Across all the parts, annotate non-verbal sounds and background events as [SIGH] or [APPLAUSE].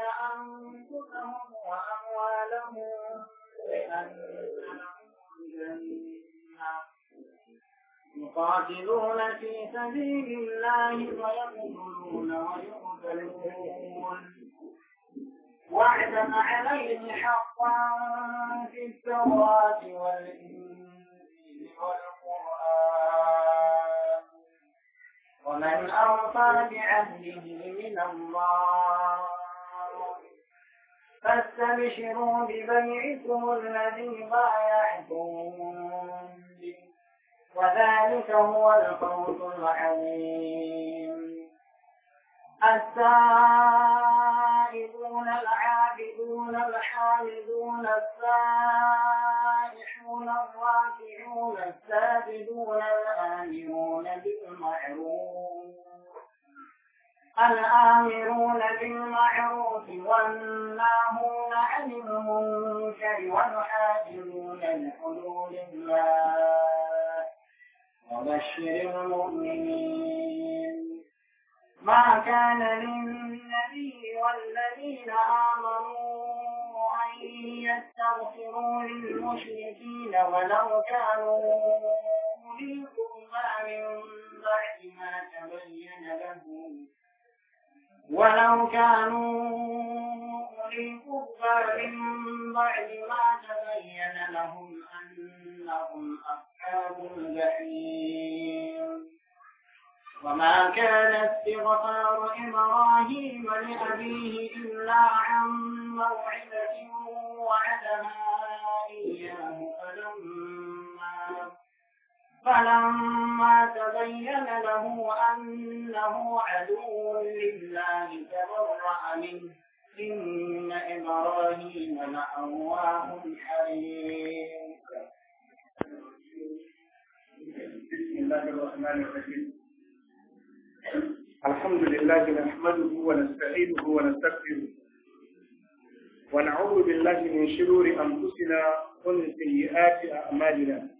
أنفسهم وأموالهم لهم الجنة يقاتلون في سبيل الله ويقتلون ويقتلون وعدا عليه حقا في التوراة والإنجيل والقرآن ومن أوفى بعهده من الله فاستبشروا ببيعكم الذي بايعتم به وذلك هو الفوز العظيم السائلون العابدون الحامدون السائحون الراكعون الساجدون الآمرون بالمعروف الآمرون بالمعروف والناهون عن المنكر والحافظون لحدود الله وبشر المؤمنين ما كان للنبي والذين آمنوا أن يستغفروا للمشركين ولو كانوا أولي ما من بعد ما تبين لهم ولو كانوا أولي من بعد ما تبين لهم أنهم أصحاب الجحيم وما كان استغفار إبراهيم لأبيه إلا عن موعدة وعدها إياه فلما فلما تبين له أنه عدو لله تبرأ منه إن إبراهيم لأواه حليم بسم الله الرحمن الرحيم الحمد لله نحمده ونستعينه ونستغفره ونعوذ بالله من شرور أنفسنا ومن سيئات أعمالنا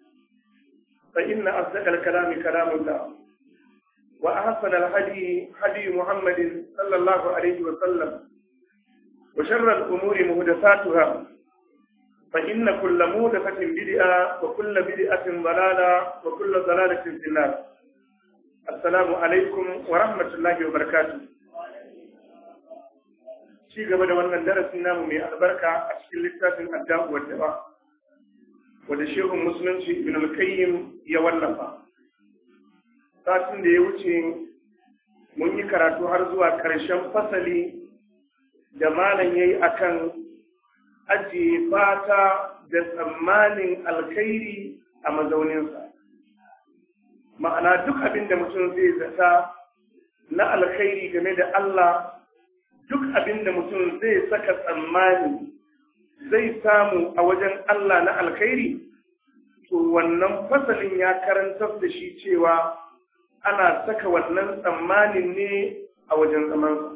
فإن أصدق الكلام كلام الله وأحسن الهدي هدي محمد صلى الله عليه وسلم وشر الأمور مهدساتها فإن كل مهدسة بدعة وكل بدعة ضلالة وكل ضلالة في النار السلام عليكم ورحمة الله وبركاته ci gaba da wannan darasin namu mai albarka a cikin littafin addabu wa jama'a wanda shehun musulunci ibn al-qayyim ya wallafa satin da ya wuce mun yi karatu har zuwa karshen fasali da malam yayi akan ajiye fata da tsammanin alkhairi a mazauninsa ma'ana duk abin da mutum zai zata na alkhairi game da Allah duk abin da mutum zai saka tsammani zai samu a wajen Allah na alkhairi to wannan fasalin ya karantar da shi cewa ana saka wannan tsammanin ne a wajen zamansa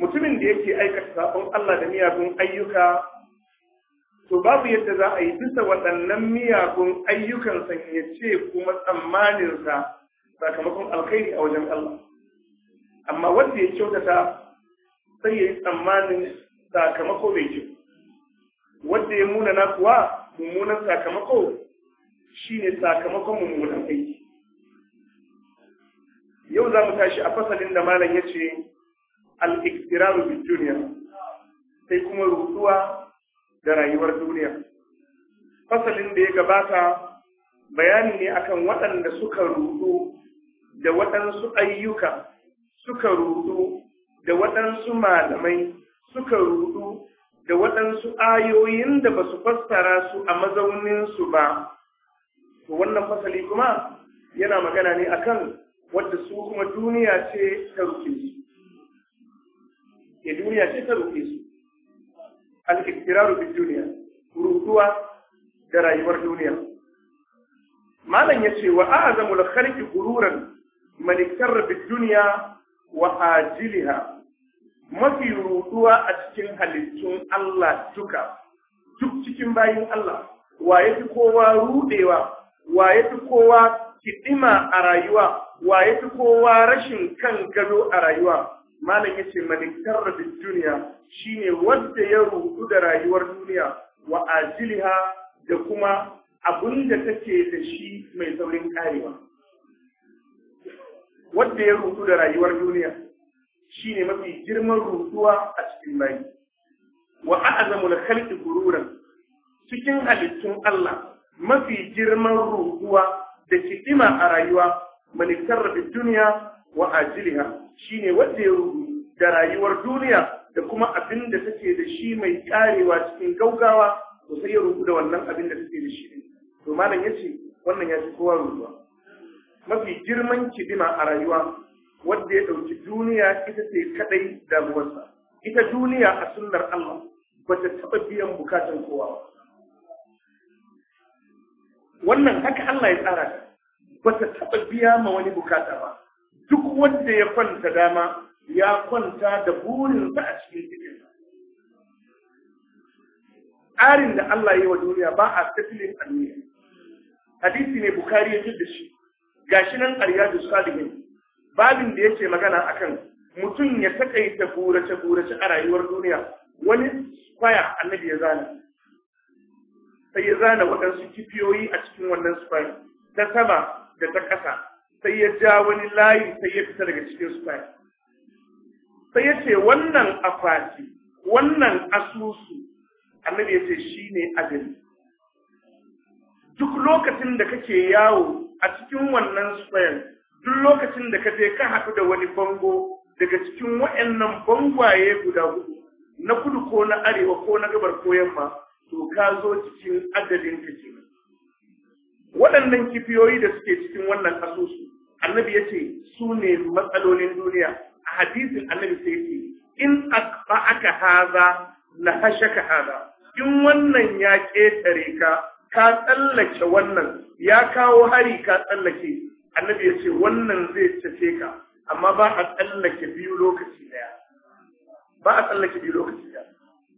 mutumin da yake aikata sabon Allah da miyagun ayyuka to babu yadda za a yi bisa waɗannan miyagun ayyukan ya ce kuma tsammaninsa sakamakon alkhairi a wajen Allah amma wanda ya kyautata sai ya yi tsammanin sakamako mai kyau wanda ya muna na kuwa mummunan sakamako shine sakamakon mummunan aiki yau za mu tashi a fasalin da malam ya ce al’iktirarun sai kuma rutuwa da rayuwar duniya fasalin da ya gabata bayani ne akan waɗanda suka rudu da waɗansu ayyuka suka rudu da waɗansu malamai suka rudu da waɗansu ayoyin da ba su fassara su a mazauninsu ba. To wannan fasali kuma yana magana ne akan wadda su kuma duniya ce ta rufe su. Ya eh, duniya ce ta rufe su. rufe duniya, da rayuwar duniya. Malam ya ce wa a'azamul kharki gururan man rufe duniya wa ajiliha mafi ruduwa a cikin halittun Allah duka duk cikin bayin Allah wa ya fi kowa rudewa wa ya fi kowa kiɗima a rayuwa wa ya fi kowa rashin kan gado a rayuwa malam ya ce malikar da duniya shine wanda ya rudu da rayuwar duniya wa ajiliha da kuma abin da take da shi mai saurin karewa wanda ya rudu da rayuwar duniya shine mafi girman rutuwa a cikin bayi wa a'zamul khalqi gururan cikin halittun Allah mafi girman rutuwa da kidima a rayuwa man da duniya wa ajiliha shine wanda ya da rayuwar duniya da kuma abin da take da shi mai karewa cikin gaugawa to sai ya rubu da wannan abin da take da shi to malam yace wannan ya fi kowa rubuwa mafi girman kidima a rayuwa wanda ya ɗauki duniya ita ce kadai damuwarsa ita duniya a sunnar Allah ba ta taɓa biyan bukatun kowa wannan haka Allah ya tsara ta ba ta taɓa biya ma wani bukata ba duk wanda ya kwanta dama ya kwanta da burinsa a cikin cikinsa tsarin da Allah ya yi wa duniya ba a tafilin almiya hadisi ne bukari ya da shi gashi nan a riyadu salihin babin da yake magana akan mutum ya takaita gurace gurace a rayuwar duniya wani square annabi ya zana sai ya zana waɗansu kifiyoyi a cikin wannan square ta sama da ta ƙasa sai ya ja wani layi sai ya fita daga cikin square sai ya ce wannan akwati wannan asusu annabi ya ce shi ne duk lokacin da kake yawo a cikin wannan square duk lokacin da ka je ka haɗu da wani bango daga cikin waɗannan bangwaye guda hudu na kudu ko na arewa ko na gabar ko yamma to ka zo cikin adadin ka ke. waɗannan kifiyoyi da suke cikin wannan asusu annabi ya ce su ne matsalolin duniya a hadisin annabi sai ce in aka haza la hashaka haza in wannan ya ƙetare ka ka tsallake wannan ya kawo hari ka tsallake annabi ya ce wannan zai cafe ka amma ba a tsallake biyu lokaci daya ba a tsallake biyu lokaci daya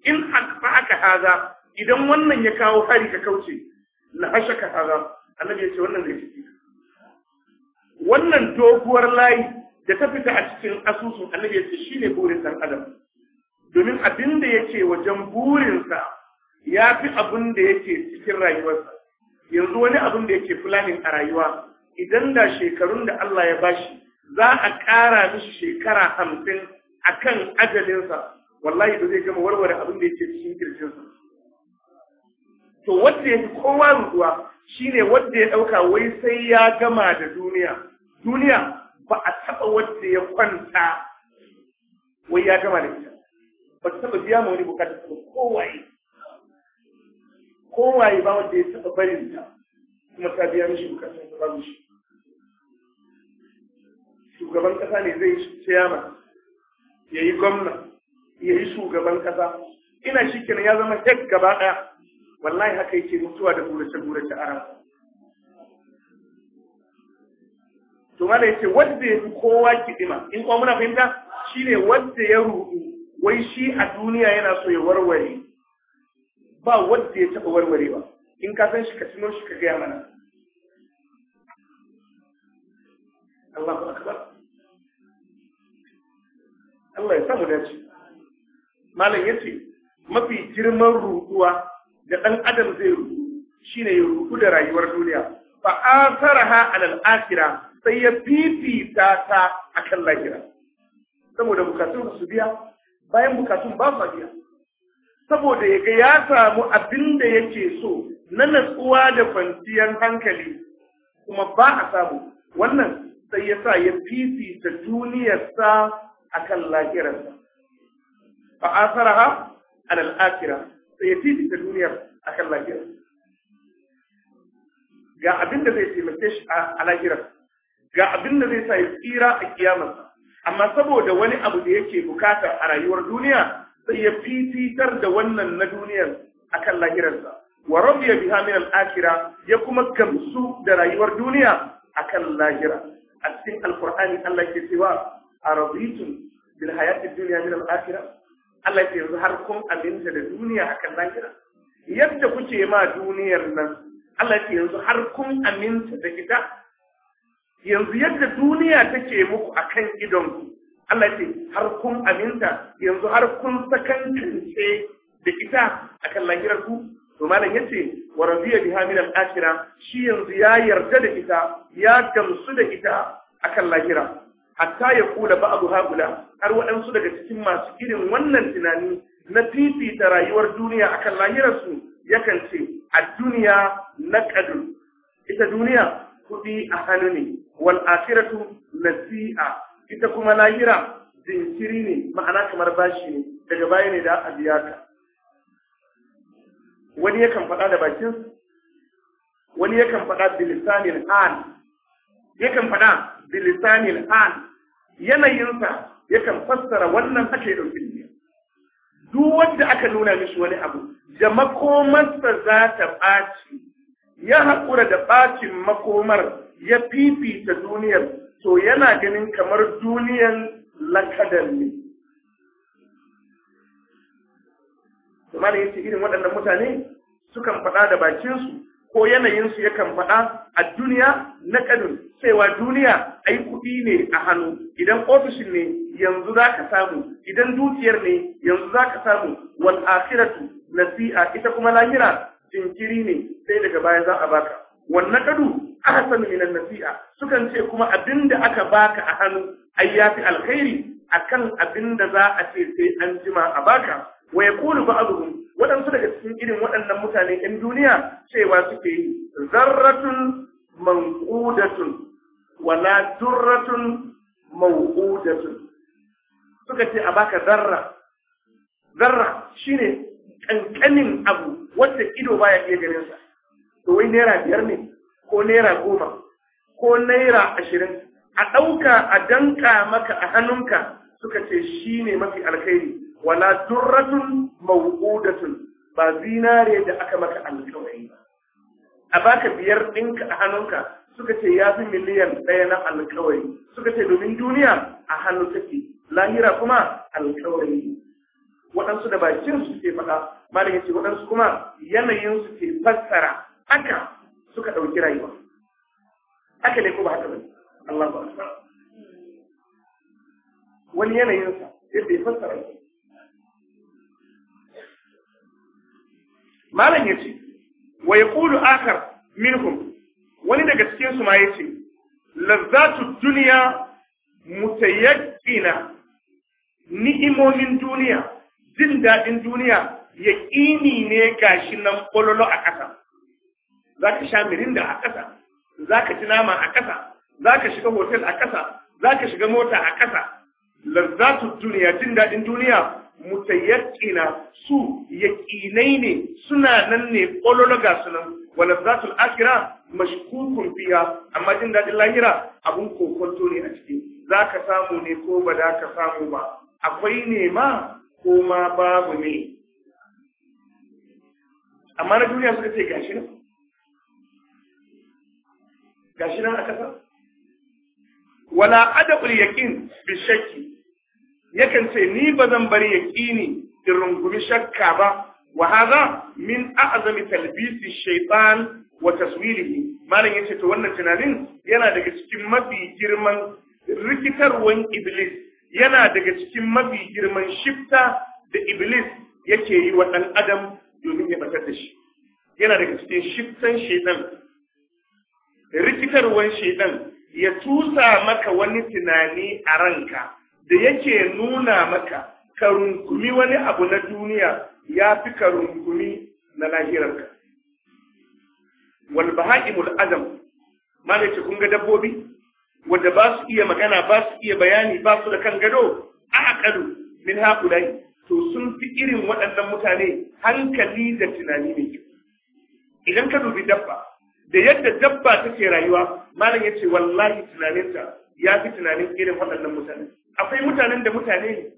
in ba aka haza idan wannan ya kawo hari ka kauce la hashaka haza annabi ya ce wannan zai cafe ka wannan doguwar layi da ta fita a cikin asusun annabi ya ce shine burin dan adam domin abin da yake wajen burinsa ya fi abin da yake cikin rayuwarsa yanzu wani abin da yake planning a rayuwa idan da shekarun da Allah ya bashi za a ƙara mishi shekara hamsin a kan ajalinsa wallahi ba zai gama warware abin da yake cikin kirjinsa to wanda ya fi kowa ruduwa shine wanda ya ɗauka wai sai ya gama da duniya duniya ba a taɓa wanda ya kwanta wai ya gama da ita ba ta taɓa biya ma wani bukatar ba kowaye kowaye ba wanda ya taɓa barin ta kuma ta biya mishi ta ba mishi shugaban kasa ne zai ciyama ya yi gwamna ya yi shugaban kasa ina shi kenan ya zama hek gaba ɗaya wallahi haka yake mutuwa da burace-burace a ransa to mana yace wanda ya fi kowa kidima in kuma muna fahimta shine wanda ya ruɗu wai shi a duniya yana so ya warware ba wanda ya taɓa ba. in ka san shi ka tuno shi ka gaya mana Allahu akbar Allah ya samu dace malam ce mafi girman ruduwa da ɗan adam zai rudu shine ya rudu da rayuwar duniya fa asaraha a akhirah sai ya fifita ta a kan lahira saboda bukatun su biya bayan bukatun ba su biya saboda ya ga ya samu abin da yake so na natsuwa da kwanciyar hankali kuma ba a samu wannan sai ya sa ya fifita duniyarsa akan lahirarsa fa asaraha alal akhirah sai ya fifita duniyar akan lahira ga abin da zai taimake shi a lahirar. ga abin da zai sa ya tsira a kiyamarsa amma saboda wani abu da yake bukata a rayuwar duniya sai ya fifitar da wannan na duniyar akan lahirarsa wa rabiya biha min al-akhira ya kuma gamsu da rayuwar duniya akan lahira a cikin alqur'ani Allah ke cewa araditum bil hayati dunya min al akhirah Allah ya yanzu har kun aminta da duniya akan lahira yadda kuke ma duniyar nan Allah ya yanzu har kun aminta da ita yanzu yadda duniya take muku akan idonku Allah ya har kun aminta yanzu har kun sakantance da ita akan lahirar ku to malam yace wa radiya biha min al-akhira shi yanzu ya yarda da ita ya gamsu da ita akan lahira hatta ya kula ba'adu haula har waɗansu daga cikin masu irin wannan tunani na fifita rayuwar duniya akan lahirarsu yakan ce a duniya na ƙadu ita duniya kuɗi a hannu ne wal akhiratu nasi'a ita kuma lahira jinkiri ne ma'ana kamar bashi ne daga baya ne da a biya ka wani yakan faɗa da bakin wani yakan faɗa bilisanin hal yakan faɗa bilisanil hal yanayinsa yakan fassara wannan ake ɗauki duniya duk wanda aka nuna mishi wani abu da makomarsa za ta ɓaci ya haƙura da ɓacin makomar ya fifita duniyar to yana ganin kamar duniyar lakadan ne kuma da yace irin waɗannan mutane sukan faɗa da bakinsu ko yanayinsu yakan faɗa a duniya na ƙanin cewa duniya ai kuɗi ne a hannu idan ofishin ne yanzu za ka samu idan dukiyar ne yanzu za ka samu wal akhiratu nasi'a ita kuma lahira jinkiri ne sai daga baya za a baka wannan kadu ahsanu minan nasi'a sukan ce kuma abinda aka baka a hannu ai fi alkhairi akan abinda za a ce sai an jima a baka wa yaqulu ba'dhum waɗansu daga cikin irin waɗannan mutane ɗan duniya cewa suke yi zarratun manqudatun wala durratun mawqudatun suka ce a baka zarra zarra shine kankanin abu wanda ido baya iya ganin sa to wai naira biyar ne ko naira goma ko naira ashirin a ɗauka a danka maka a hannunka suka ce shine mafi alkhairi wala durratun mawqudatun ba zinare da aka maka alƙawari ba a baka biyar ɗinka a hannunka suka ce ya fi miliyan ɗaya na alƙawari suka ce domin duniya a hannu take lahira kuma alƙawari waɗansu da bakin su ke faɗa malam yace waɗansu kuma yanayin su ke fassara haka suka ɗauki rayuwa haka ne ko ba haka ba Allah ba wani yanayinsa yadda ya fassara shi malam yace wa yaqulu akar minhum wani daga cikin su ma yace lazzatu dunya mutayaqqina ni'imomin duniya jin daɗin duniya yaƙini ne gashi nan ƙololo a ƙasa za ka sha mirinda a ƙasa za ka ci nama a ƙasa za ka shiga hotel a ƙasa za ka shiga mota a ƙasa lazzatu duniya jin daɗin duniya mutayaqqina su yaqinai ne suna nan ne kololo ga sunan wala zatul akhirah mashkukun fiha amma jin dadin lahira abun kokonto ne a cikin zaka samu ne ko ba da ka samu ba akwai ne ma ko ma babu ne amma na duniya suka ce gashi nan gashi nan aka kasa wala adabul yaqin bi shakki yakan ce ni ba zan bari yaqini in rungumi shakka ba wa hadha min a'zami talbisi shaytan wa taswirihi malam yace to wannan tunanin yana daga cikin mafi girman rikitarwan iblis yana daga cikin mafi girman shifta da iblis yake yi wa dan adam domin ya batar da shi yana daga cikin shiftan shaytan rikitarwan shaytan ya tusa maka wani tunani a ranka da yake nuna maka ka runkumi wani abu na duniya ya fi ka runkumi na lahirarka wal baha'imul azam ce kun ga dabbobi wanda ba su iya magana ba su iya bayani ba su da kan gado a akalu min yi. to sun fi irin waɗannan mutane hankali da tunani mai kyau idan ka dubi dabba da yadda dabba take rayuwa malam ce wallahi tunaninta ya fi tunanin irin waɗannan mutane akwai mutanen da mutane ne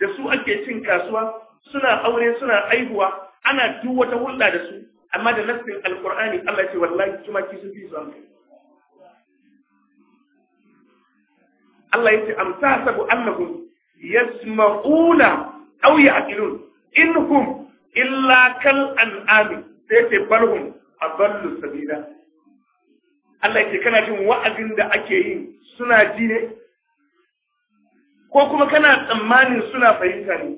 da su ake cin kasuwa suna aure suna aihuwa ana duk wata hulɗa da su amma da nassin alkur'ani Allah ce wallahi ki sun fi su Allah ya ce amsa sabu annahum yasma'una aw ya'qilun innahum illa kal an'am sai ce balhum adallu sabila Allah ya ce kana jin wa'azin da ake yi suna ji ne ko kuma kana tsammanin suna fahimta ne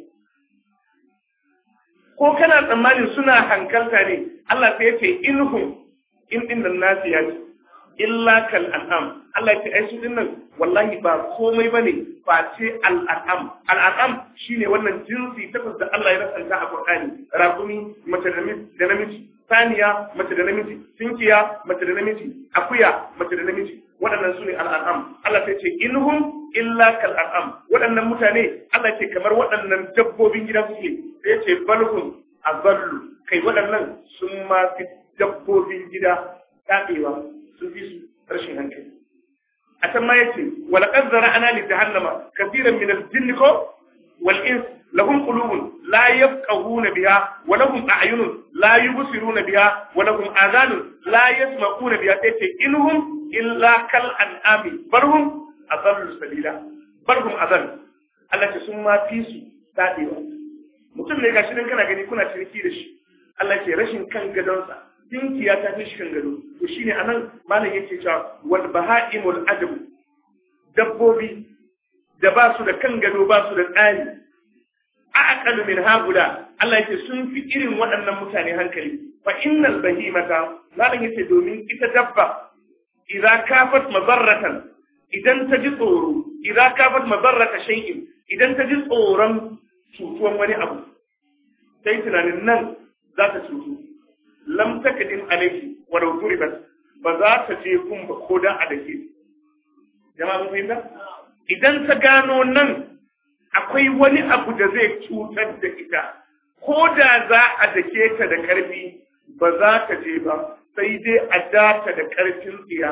ko kana tsammanin suna hankalta ne Allah sai ya ce inhum in din da nasi ya illa kal an'am Allah ya ce ai su nan wallahi ba komai bane ba ce al an'am al an'am shine wannan jinsi takwas da Allah ya rasanta a Qur'ani rakumi mace da namiji saniya mace da namiji tinkiya mace da namiji akuya mace da namiji waɗannan su ne al'an'am Allah sai ce inhum illa kal waɗannan mutane Allah ce kamar waɗannan dabbobin gida suke sai ce balhum azallu kai waɗannan sun ma fi dabbobin gida daɗewa sun fi su rashin hankali a can ma yace wala qad zara'ana li jahannama kaseeran min al-jinni ko wal ins لهم قلوب لا يفقهون بها ولهم أعين لا يبصرون بها ولهم آذان لا يسمعون بها إنهم illa kal an'ami barhum azallu sabila barhum azal Allah ce sun ma fi su dadewa mutum ne gashi dan kana gani kuna ciniki da shi Allah ce rashin kan gadonsa dinkiya ta fi shi kan gado to shine anan malam yake cewa wal bahaimul adab dabbobi da ba su da kan gado ba su da tsari a aqalu min haguda Allah yake sun fi irin waɗannan mutane hankali fa innal bahimata malam yace domin ita dabba idza kafat mazarratan idan ta ji tsoro idza kafat idan ta ji tsoron cutuwan wani abu sai tunanin nan za ta cutu lam takdim wa law turibat ba za ta je kun ba ko dan adake jama'a mun fahimta idan ta gano nan akwai wani abu da zai cutar da ita ko da za a dake ta da karfi ba za ta je ba sai dai a data da karfin tsiya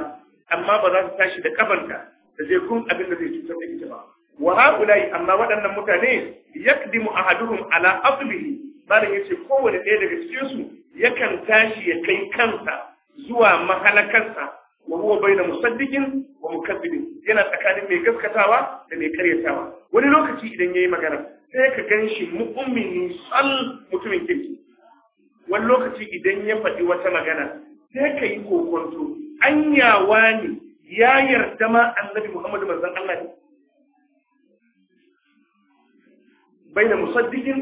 amma ba za su tashi da kabanta da zai kun abin da zai cutar da ita ba wa amma waɗannan mutane yakdimu ahaduhum ala aslihi malam yace kowane ɗaya daga cikin su yakan tashi ya kai kansa zuwa mahalakarsa wa huwa baina musaddiqin wa mukazzibin yana tsakanin mai gaskatawa da mai karyatawa wani lokaci idan yayi magana sai ka ganshi mu'mini sal mutumin kirki wani lokaci idan ya faɗi wata magana sai ka yi kokonto anyawa ne ya yarda ma annabi Muhammadu manzon Allah ne baina musaddikin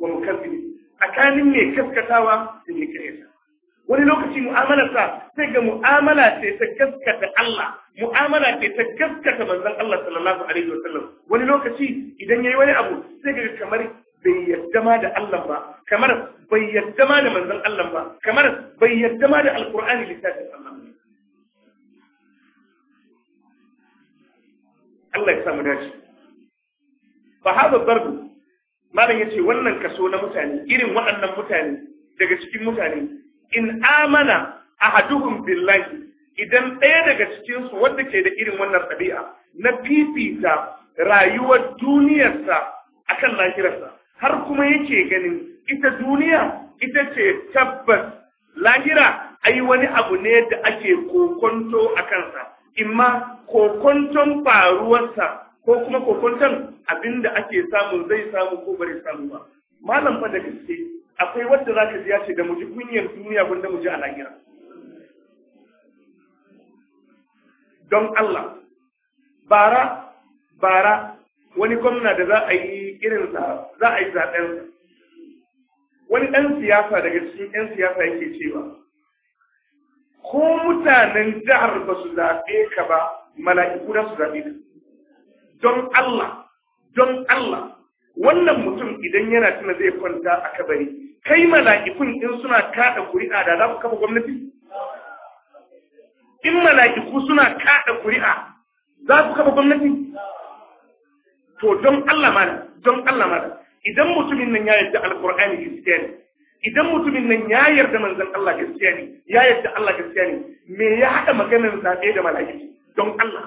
wa mukazzibin tsakanin mai kaskatawa da mai kireta wani lokaci mu'amalarsa sai ga mu'amala sai ta gaskata Allah mu'amala sai ta gaskata manzon Allah sallallahu alaihi wa sallam wani lokaci idan ya yi wani abu sai ga kamar bai yadda ma da Allah ba kamar bai yadda ma da manzon Allah ba kamar bai yadda ma da alqur'ani littafin Allah Allah ya samu dace fa hada darbu malam yace wannan kaso na mutane irin waɗannan mutane daga cikin mutane in amana ahaduhum billahi idan ɗaya daga cikin su wanda ke da irin wannan ɗabi'a na fifita rayuwar duniyarsa akan lahirarsa har kuma yake ganin ita duniya ita ce tabbas lahira ai wani abu ne da ake kokonto a kansa imma kokonton faruwarsa ko kuma kokonton abinda ake samu zai samu ko bari samu ba malam fa da gaske akwai wanda zaka ji ya ce da mu kunyar duniya gunda mu ji a lahira don Allah bara bara wani gwamna da za a yi irinsa za a yi zaɓen wani ɗan siyasa daga cikin ɗan siyasa yake cewa ko mutanen jihar ba su zaɓe ka ba mala'iku da su zaɓe ka don Allah don Allah wannan mutum idan yana tuna zai kwanta a kabari kai mala'ikun in suna kaɗa kuri'a da za ku kafa gwamnati in mala'iku suna kaɗa kuri'a za ku kafa gwamnati to don Allah ma don Allah ma idan mutumin nan ya yarda alqur'ani gaskiya ne idan mutumin nan ya yarda manzon Allah gaskiya ne ya yarda Allah gaskiya ne me ya hada maganar zabe da mala'iki don Allah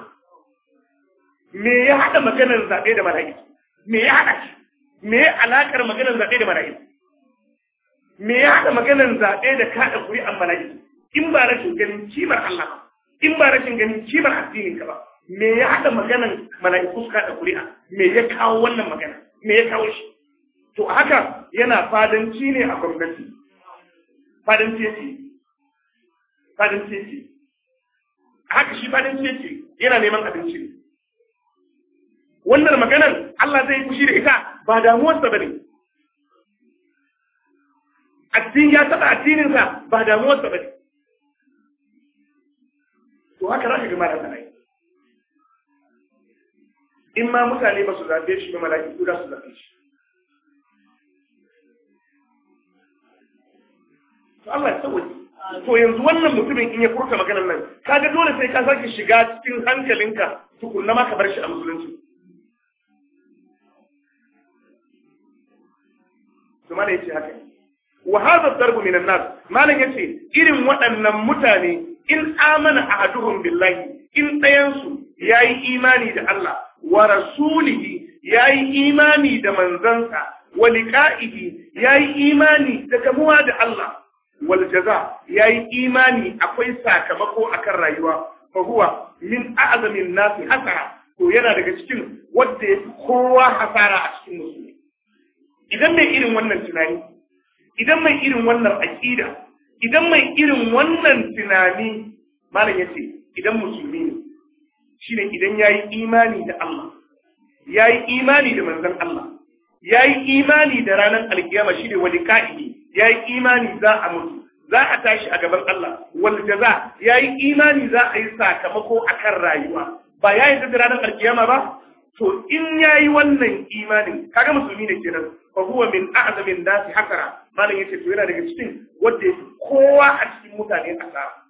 me ya hada maganar zabe da mala'iki me ya hada me ya alakar maganar zabe da mala'iki me ya hada maganar zabe da kada an mala'iki in ba rashin ganin kimar Allah ba in ba rashin ganin kimar addinin ka ba me ya haɗa maganan mala'iku suka da ƙuri'a me ya kawo wannan magana me ya kawo shi to haka yana fadanci ne a gwamnati fadanci ce. fadanci yake haka shi fadanci ce yana neman abinci ne wannan maganar Allah zai fushi da ita ba damuwarsa bane addini ya taɓa addininsa ba damuwarsa bane to haka za ka da sanayi in ma mutane ba su zaɓe shi ba mala'iku za su zaɓe shi to Allah ya sauwaje to yanzu wannan mutumin in ya furta maganar nan ka kaga dole sai ka sake shiga cikin hankalinka tukunna ma ka bar shi a musulunci to mana yace haka wa hadha darbu minan nas malan yace irin waɗannan mutane in amana a ahaduhum billahi in ɗayansu yayi imani da Allah wa rasulihi yayi imani da manzansa wa liqa'ihi yayi imani da kamuwa da Allah wal jaza yayi imani akwai sakamako akan rayuwa fa huwa min a'zamin nasi hasara to yana daga cikin wanda yafi kowa hasara a cikin musulmi idan mai irin wannan tunani idan mai irin wannan aqida idan mai irin wannan tunani malam yace idan musulmi Shin idan ya yi imani da Allah, ya yi imani da manzan Allah, ya yi imani da ranar alkiyama shi ne wani ka'ibi, ya yi imani za a mutu, za a tashi a gaban Allah, wani za ya yi imani za a yi sakamako a kan rayuwa, ba ya yi da ranar alkiyama ba? To in ya yi wannan imanin, kaga musulmi ne kenan, fa huwa min a'zamin nasi hakara, malam yace to yana daga cikin wanda kowa a cikin mutane asara.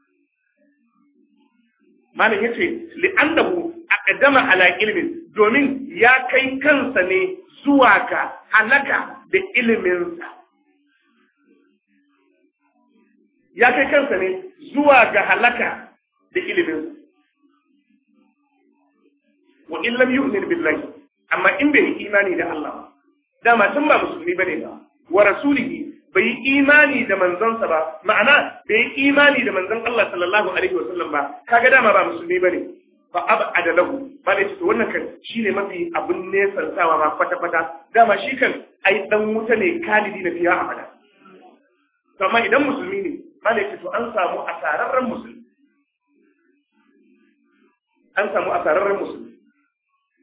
malam yace li'annahu aqdama ala ilmin domin ya kai kansa ne zuwa ga halaka da iliminsa ya kai kansa ne zuwa ga halaka da iliminsa wa in lam yu'min billahi amma in bai imani da Allah dama tun ba musulmi bane ba wa rasulihi bai yi imani da manzansa ba ma'ana bai yi imani da manzan Allah sallallahu alaihi wa sallam ba kaga dama ba musulmi bane fa ab adalahu ba to wannan kan shine mafi abun ne sarsawa ma kwata kwata dama shi kan ai dan wuta ne kalidi na fiya amana to amma idan musulmi ne ba to an samu asararren musulmi an samu asararren musulmi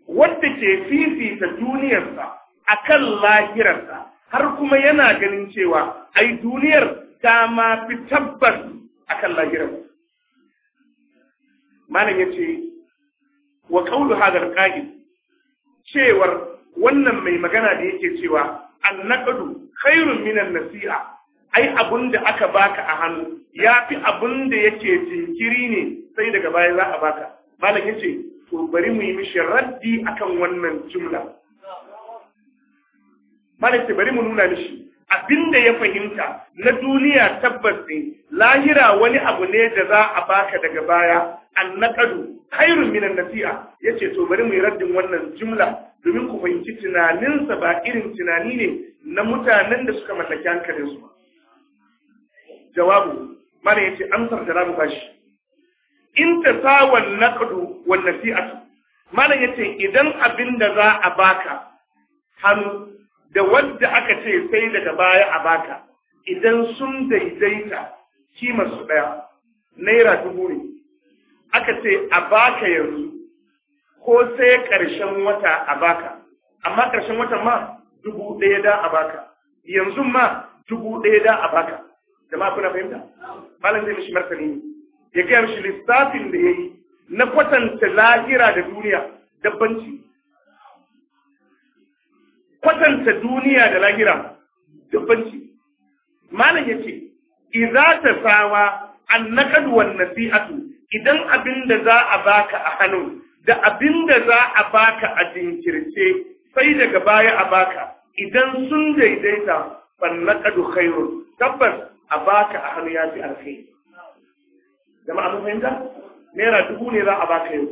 wanda ke fifita duniyarsa akan lahirarsa har kuma yana ganin cewa ai duniyar ta ma fi tabbas kan lahirar malam ya ce wa ƙaulu hadar al cewar wannan mai magana da yake cewa annaqdu khairun minan nasi'a ai abun da aka baka a hannu ya fi abun da yake jinkiri ne sai daga baya za a baka malam ya ce to bari mu yi mishi raddi akan wannan jumla malaki bari mu nuna mishi da ya fahimta na duniya tabbas ne lahira wani abu ne da za a baka daga baya annakadu khairun minan nasi'a yace to bari mu yi raddin wannan jumla domin ku fahimci tunaninsa ba irin tunani ne na mutanen da suka mallaki hankalin su jawabu mana yace amsar da zamu bashi in tasawan naqdu wan nasi'atu mana yace idan abin da za a baka hannu da wadda aka ce sai daga baya a baka idan sun daidaita kima su ɗaya naira dubu ne aka ce a baka yanzu ko sai ƙarshen wata a baka amma ƙarshen wata ma dubu ɗaya da a baka yanzu ma dubu ɗaya da a baka jama'a kuna fahimta malam zai mishi martani ne ya gaya mishi lissafin da ya yi na kwatanta lahira da duniya dabbanci kwatanta duniya da lahira dubbanci malam yace idza tasawa annakad wan nasihatu idan abin da za a baka a hannu da abin da za a baka a jinkirce sai daga baya a baka idan sun daidaita fannaqadu khairun tabbas a baka a hannu ya fi alkhairi jama'a mun fahimta naira dubu ne za a baka yau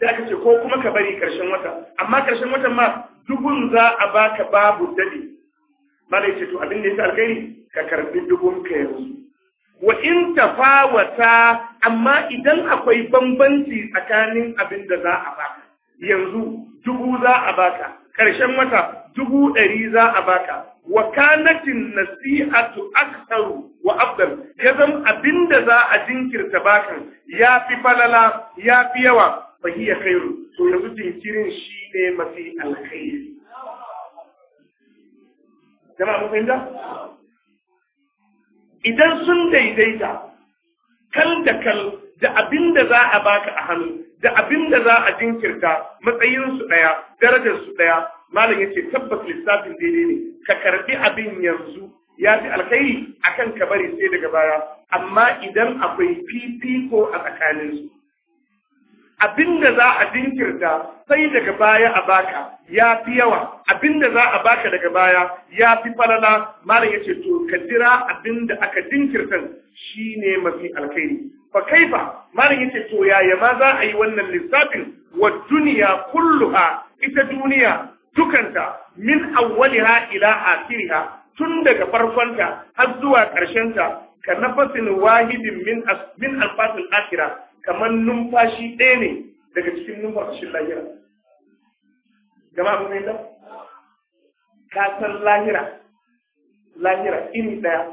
sai aka ce ko kuma ka bari karshen wata amma karshen watan ma dubun za a baka babu dadi malai ce to abin da yake alkhairi ka karbi dubun ka yanzu wa in tafawata amma idan akwai bambanci tsakanin abin da za a baka yanzu dubu za a baka ƙarshen wata dubu ɗari za a baka wa kanatin nasi'atu aktharu wa afdal ya zama abin da za a jinkirta bakan ya fi falala ya fi yawa fahiya khairu to yanzu jinkirin shi ne mafi alkhairi Gama abin fahimta idan sun daidaita kal da kal da abin da za a baka a hannu da abin da za a jinkirta matsayinsu ɗaya darajarsu ɗaya malam ya tabbas lissafin daidai ne ka karɓi abin yanzu ya fi alkhairi akan ka bari sai daga baya amma idan akwai fifiko a tsakaninsu abinda za a dinkirta sai daga baya a baka ya fi yawa abinda za a baka daga baya ya fi falala malam ya ce to ka jira abinda aka dinkirta shi ne mafi alkhairi fa kaifa malam ya ce to yaya ma za a yi wannan lissafin wa duniya kulluha ita duniya dukanta min awwaliha ila akhiriha tun daga farkonta har zuwa ƙarshenta ka nafasin wahidin min min alfasil akhirah kamar numfashi ɗaya ne daga cikin numfashin lahira gama mun fahimta ka san lahira lahira ini ɗaya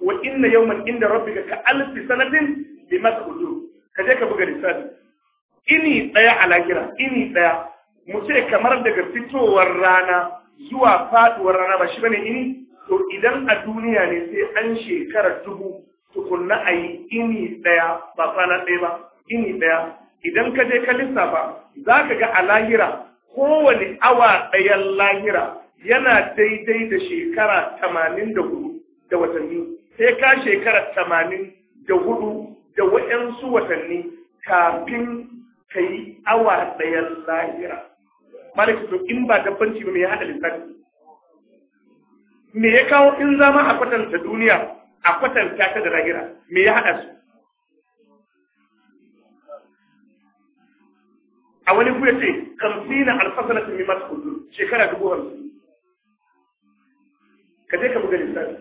wa inna yawman inda rabbi ka alfi sanatin bi mas'udu ka je ka buga lissafi ini ɗaya a lahira ini ɗaya mu ce kamar daga fitowar rana zuwa faɗuwar rana ba shi bane ini to idan a duniya ne sai an shekara dubu tukunna a yi ini ɗaya ba kwana ɗaya ba ini ɗaya idan ka je ka lissafa za ka ga a lahira kowane awa ɗayan lahira yana daidai da shekara tamanin da hudu da watanni sai ka shekara tamanin da hudu da waɗansu watanni kafin ka yi awa ɗayan lahira malaka to in ba dabbanci ba me ya haɗa lissafi me ya kawo in zama a kwatanta duniya a kwatanta ta da lahira me ya haɗa su a wani ku yace kamsina alfasanatun min kudu shekara dubu hamsin ka je ka buga lissafi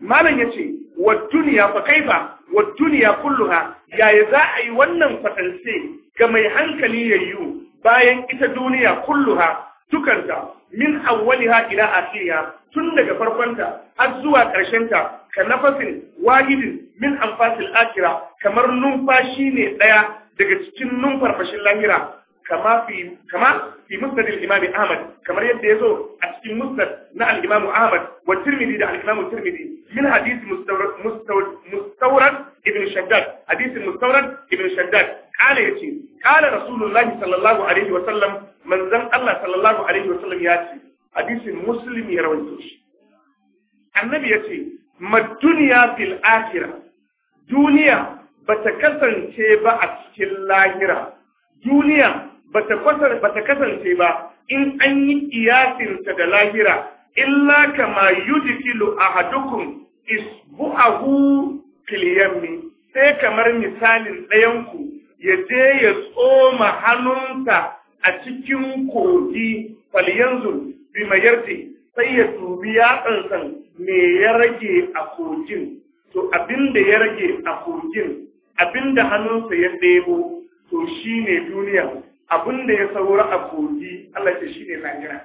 malam ya ce, wa duniya fa kaifa wa duniya kulluha yaya za a yi wannan kwatance ga mai hankali yiwu bayan ita duniya kulluha dukanta min awwaliha ila akhiriha tun daga farkonta har zuwa karshenta ka nafasin wahidin min anfasil akira kamar numfashi ne daya daga cikin numfarfashin lahira kama fi kama fi musnad al-imam Ahmad kamar yadda yazo a cikin musnad na al-imam Ahmad wa Tirmidhi da al-imam Tirmidhi min hadith mustawrad mustawrad ibn Shaddad hadith mustawrad ibn Shaddad kana yace kana Rasulullah sallallahu alaihi wa sallam zan. Allah sallallahu alaihi wasallam ya ce hadisin muslim ya rawaito shi annabi ya ce maduniya fil akhira duniya bata kasance ba a cikin lahira duniya bata bata kasance ba in an yi iyasinta da lahira illa kama yudkilu ahadukum isbu'ahu fil yammi sai kamar misalin ɗayanku ya je ya tsoma hannunta a cikin kogi falyanzu bi mayarti sai ya dubi ya san me ya rage a kogin to abin da ya rage a kogin abin da hannunsa ya ɗebo to shi ne duniya abin da ya saura a kogi Allah ce shi ne lahira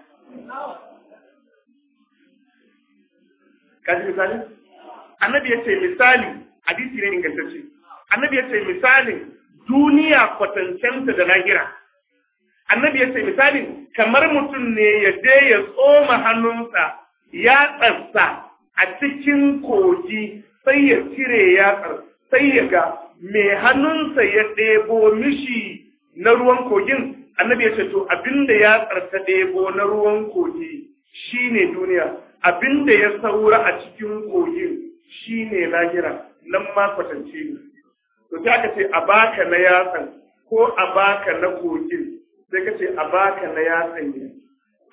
kaji misali annabi ya ce misali hadisi ne ingantacce annabi ya ce misali, duniya kwatancenta da lahira annabi ya ce misalin kamar mutum ne ya je ya tsoma hannunsa ya tsatsa a cikin kogi sai ya cire yatsar sai ya ga Me hannunsa ya ɗebo mishi na ruwan kogin annabi ya ce to abinda ya tsarta ɗebo na ruwan kogi shi ne duniya abinda ya saura a cikin kogin shi shine lahira nan ma kwatance ne to ta aka ce a baka na yatsan ko a baka na kogin sai ka ce a baka na ya ne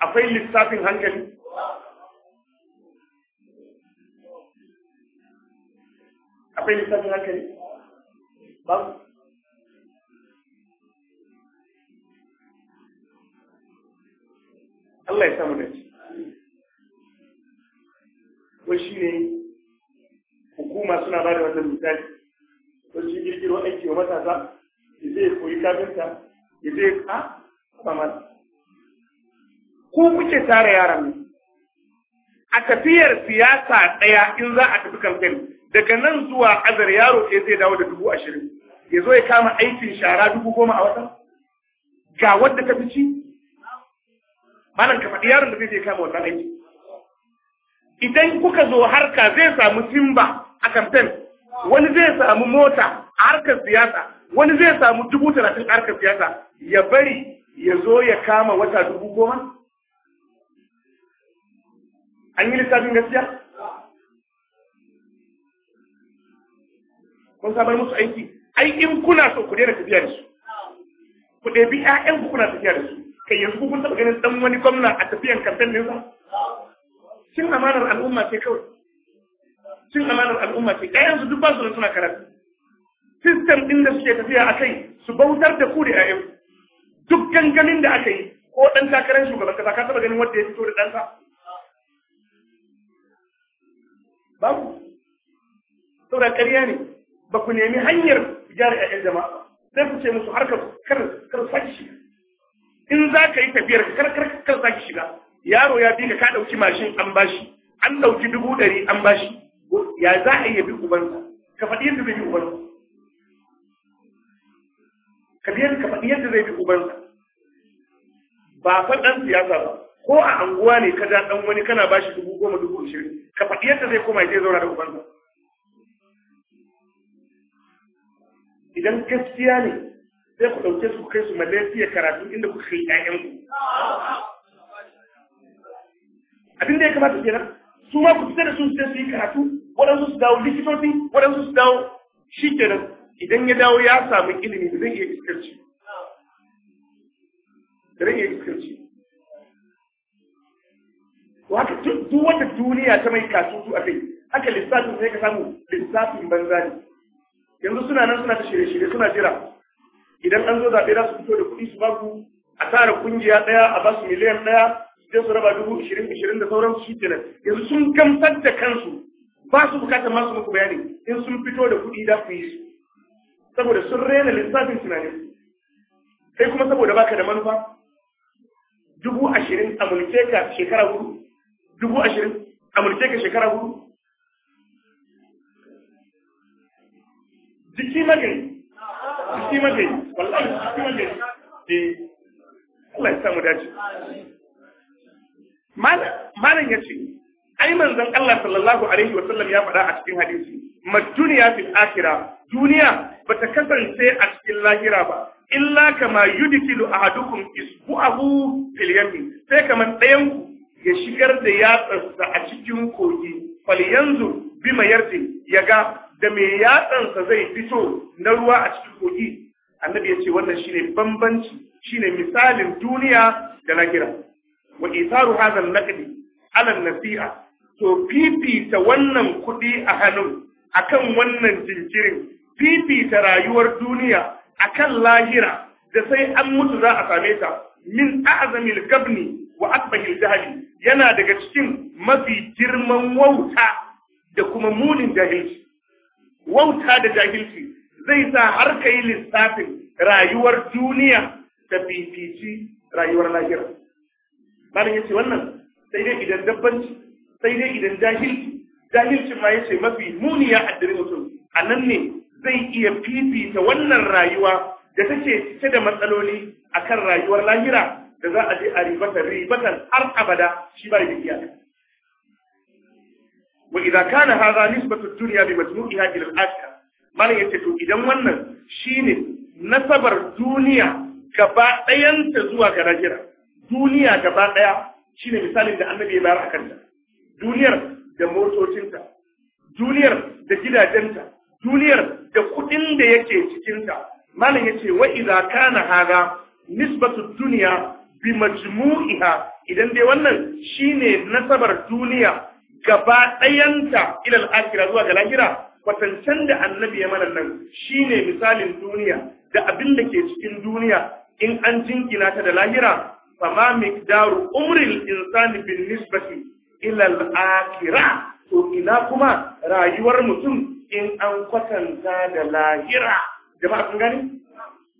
akwai lissafin hankali akwai lissafin hankali ba Allah ya samu da ci ko shi ne hukuma suna ba da wannan misali ko shi girgiro aiki wa matasa ya zai koyi kafinta ya zai a Ko ku kuke tare yaran nan a tafiyar siyasa ɗaya in za a tafi kamfen daga nan zuwa azar yaro ke zai dawo da dubu ashirin ya zo ya kama aikin shara dubu goma a wata ga wadda ta fi ci malam ka faɗi yaron da zai je kama wannan aiki idan kuka zo harka zai samu simba a kamfen wani zai samu mota a harkar siyasa wani zai samu dubu talatin a harkar siyasa ya bari ya zo ya kama wata dubu goma? An yi lissafin gaskiya? Kun samar musu aiki, ai in kuna so ku daina tafiya da su, ku ɗabi ‘ya'yan ku kuna tafiya da su, kai yanzu kun taɓa ganin ɗan wani gwamna a tafiyan kamfen ne ba? Cin amanar al'umma ce kawai. Cin amanar al'umma ce, ‘ya'yan su duk ba su suna karatu. Sistem ɗin da suke tafiya a kai su bautar da ku da ‘ya'yan duk gangamin da aka yi ko ɗan takarar shugaban kasa ka taɓa ganin wanda ya fito da ɗansa babu saboda ƙarya ne ba ku nemi hanyar gyara ƴaƴan jama'a ba sai ku ce musu har kar kar saki shiga in za ka yi tafiyar kar kar kar saki shiga yaro ya bi ka ka ɗauki mashin an bashi an ɗauki dubu ɗari an bashi ya za a yi ya bi ubansa ka faɗi yadda zai bi ubansa ka biyan ka faɗi yadda zai fi ubansa ba faɗan siyasa ba ko a anguwa ne ka ja ɗan wani kana bashi dubu goma dubu ashirin ka faɗi yadda zai koma ya zauna da ubansa idan gaskiya ne sai ku ɗauke su kai su malaysia karatu inda ku kai ƴaƴanku abin da ya kamata kenan su ma ku fita da su sai su yi karatu waɗansu su dawo likitoci waɗansu su dawo shi kenan idan ya dawo ya samu ilimi da zai iya iskarci zai iya to duk wata duniya ta mai kasutu a kai haka lissafin sai ka samu lissafin banza ne yanzu suna nan suna ta shirye-shirye suna jira idan an zo zaɓe za su fito da kuɗi su baku a tara kungiya ɗaya a basu miliyan ɗaya sai su raba dubu ishirin ishirin da sauran su kenan yanzu sun gamsar da kansu ba su bukatar masu muku bayani in sun fito da kuɗi da ku yi su saboda sun rena lissafin tunanin kai kuma saboda baka da manufa dubu ashirin a mulke ka shekara hudu dubu ashirin a mulke ka shekara hudu jiki magani jiki magani wallahi jiki magani e eh, Allah ya samu dace malam ya ce ai manzon Allah sallallahu alaihi wa sallam ya faɗa a cikin hadisi matuniya fil akhirah duniya bata kasance a cikin lahira ba illa kama yudkilu ahadukum isbu'ahu fil yami sai kamar ɗayan ku ya shigar da yatsansa a cikin kogi yanzu bima yarti ga, da me yatsansa zai fito na ruwa a cikin kogi annabi ya ce wannan shine bambanci shine misalin duniya da lahira wa isaru hadha al-naqdi ala nasi'a to ta wannan kuɗi a hannun akan wannan jinkirin fifita rayuwar duniya akan lahira da sai an mutu za a same ta min a'zamil gabni wa akbahil jahili yana daga cikin mafi girman wauta da kuma munin jahilci wauta da jahilci zai sa har kai lissafin rayuwar duniya da fifici rayuwar lahira malam yace wannan sai dai idan dabbanci sai dai idan jahilci jahilcin ma yace mafi muni ya addare mutum a nan ne zai iya fifita wannan rayuwa da take cike da matsaloli akan rayuwar lahira da za a je a ribata ribata har abada shi ba da iyaka wa idza kana hadha nisbatu dunya bi majmu'iha ila al-akhirah malan yace to idan wannan shine nasabar duniya gaba ɗayanta zuwa ga lahira duniya gaba ɗaya shine misalin da annabi ya bayar akan ta duniyar da motocinta, duniyar da gidajenta, duniyar da kuɗin da yake cikinta. Malam ya ce, wa iza kana haga nisbatu duniya bi majmu'iha idan dai wannan shine nasabar duniya gaba ɗayanta ilal akira zuwa ga lahira kwatancen da annabi ya mana nan shine misalin duniya da abin da ke cikin duniya in an jingina ta da lahira fama miqdaru umril insani bin nisbati ilal akira to ina kuma rayuwar mutum in an kwatanta da lahira jama'a kun gani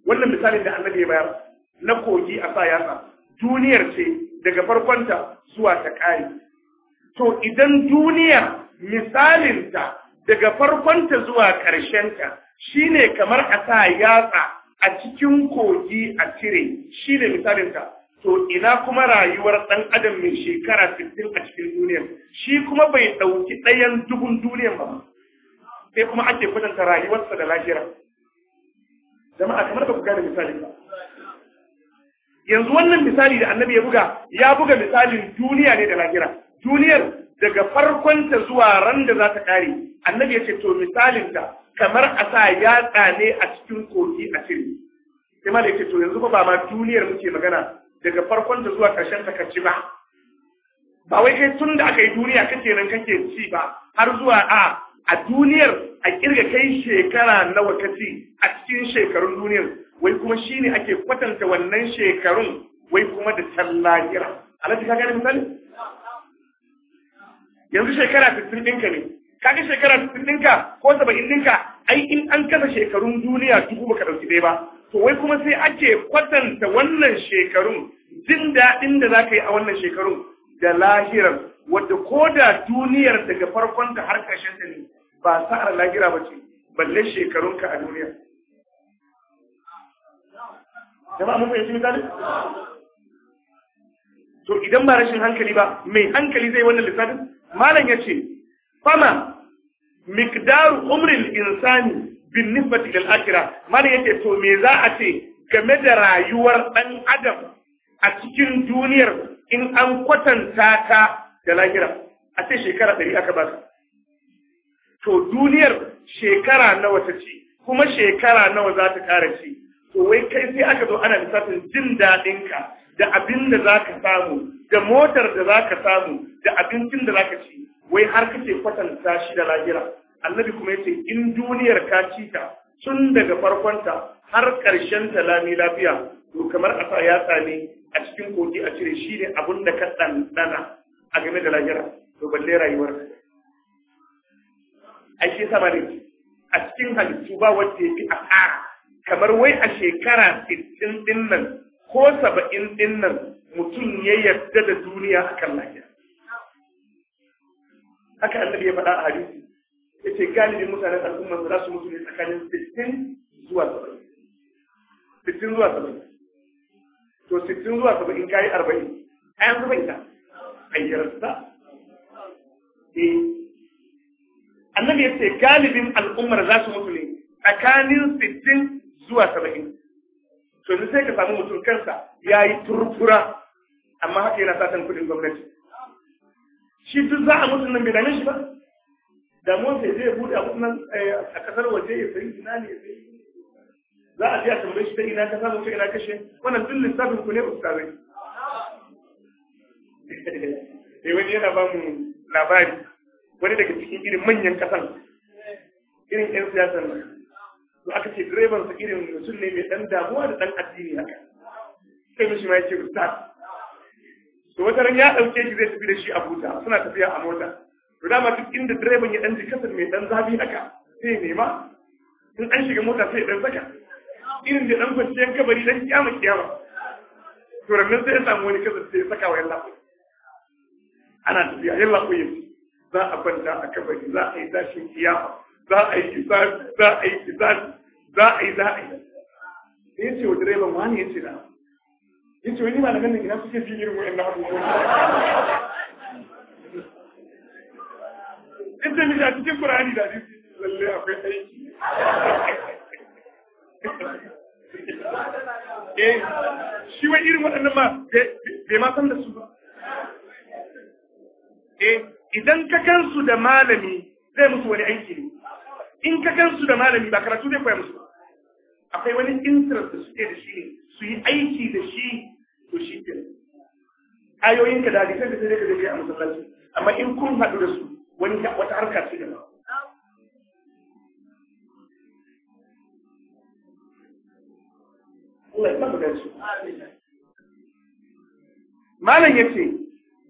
wannan misalin da annabi ya bayar na kogi a sa yatsa duniyar ce daga farkonta zuwa ta ƙari to idan duniyar misalinta daga farkonta zuwa ƙarshenta shine kamar a sa yatsa a cikin kogi a cire shine misalinta to ina kuma rayuwar ɗan adam mai shekara 60 a cikin duniyar shi kuma bai ɗauki ɗayan dubun duniyar ba sai kuma ake kwatanta rayuwarsa da lahira jama'a kamar ba ku gane misali ba yanzu wannan misali da annabi ya buga ya buga misalin duniya ne da lahira duniyar daga farkonta zuwa ran da za ta kare annabi ya ce to misalin ta kamar a sa yatsa ne a cikin kogi a cire sai ma da ya ce to yanzu ba ma duniyar muke magana daga farkon da zuwa ƙarshen ta ka ci ba ba wai kai tun da aka yi duniya kake nan kake ci ba har zuwa a a duniyar a kirga kai shekara nawa ka ci a cikin shekarun duniyar wai kuma shine ake kwatanta wannan shekarun wai kuma da tallahira alhaji ka gane misali yanzu shekara 60 ɗinka ne kaga shekara 60 ɗinka ko 70 ɗinka ai in an kasa shekarun duniya ba ka ɗauki dai ba to wai kuma sai ake kwatanta wannan shekarun jin daɗin da za ka yi a wannan shekarun da lahirar wadda ko da duniyar daga farkon ta har ƙarshen ta ne ba sa'ar lahira ba ce balle shekarunka a duniya jama'a mun fahimci misali to idan ba rashin hankali ba mai hankali zai wannan lissafin malam ya ce fama mikdaru umrin insani bin nisbati lil akhirah mana yake to me za a ce game da rayuwar dan adam a cikin duniyar in an kwatanta ta da lahira a ce shekara ɗari aka ba to duniyar shekara nawa ta ce kuma shekara nawa za ta ƙara ci to wai kai sai aka zo ana lissafin jin daɗinka da abin da za ka samu da motar da za ka samu da abincin da za ka ci wai har kake kwatanta shi da lahira annabi kuma yace in duniyar ka ci ta tun daga farkonta har ƙarshen ta lami lafiya to kamar a sa ya ne a cikin kogi a cire shi ne abin da ka ɗanɗana a game da lahira to balle rayuwar a shi sama ne a cikin halittu ba wanda ya fi ƙara. kamar wai a shekara 60 ɗin nan ko saba'in ɗin nan mutum ya yarda da duniya akan lahira haka annabi ya faɗa a hadisi ya ce galibin mutanen al'ummar za su mutu ne tsakanin 60 zuwa 70 zuwa 70 to 60 zuwa 70 kayi 40 a yanzu bai ta eh annabi ya ce galibin al'ummar za su mutu ne tsakanin 60 zuwa 70 to ni sai ka samu mutum kansa ya yi turkura. amma haka yana satan kuɗin gwamnati shi duk za a mutu nan bai dame shi ba damuwar sai zai bude abu nan eh, a kasar waje ya sayi ina ne za a je a tambaye shi ta ina ka samu ta ina kashe wannan duk lissafin ku ne ustazai [LAUGHS] eh wani yana ba mu labari wani daga cikin irin manyan kasan irin yan siyasan nan to aka ce direban su irin mutum ne mai dan damuwa da dan addini haka sai mishi ma yace ustaz to wata ran ya dauke shi zai tafi da shi Abuja suna tafiya a mota to dama duk inda direban ya ɗan ji kasar mai ɗan zafi haka sai nema in an shiga mota sai ɗan saka irin da ɗan kwanciyar kabari ɗan kyama kyama to ramin sai ya samu wani kasar sai ya saka wa yalla ana tafiya yalla kuyi za a kwanta a kabari za a yi tashin kiyama za a yi kisari za a yi kisari za a yi za a yi sai ya ce wa direban wani ya ce na ya ce wani ma na ganin ina suke fi irin wa'annan abubuwan in da mishi cikin Qur'ani da hadisi lalle akwai aiki eh shi wai irin waɗannan ma bai ma san da su ba eh idan ka kansu da malami zai musu wani aiki ne in ka kansu da malami ba karatu zai koya musu akwai wani interest da suke da shi ne su yi aiki da shi to shi ke ayoyinka da hadisan da sai ka je a masallaci amma in kun haɗu da su wani Malam ya ce,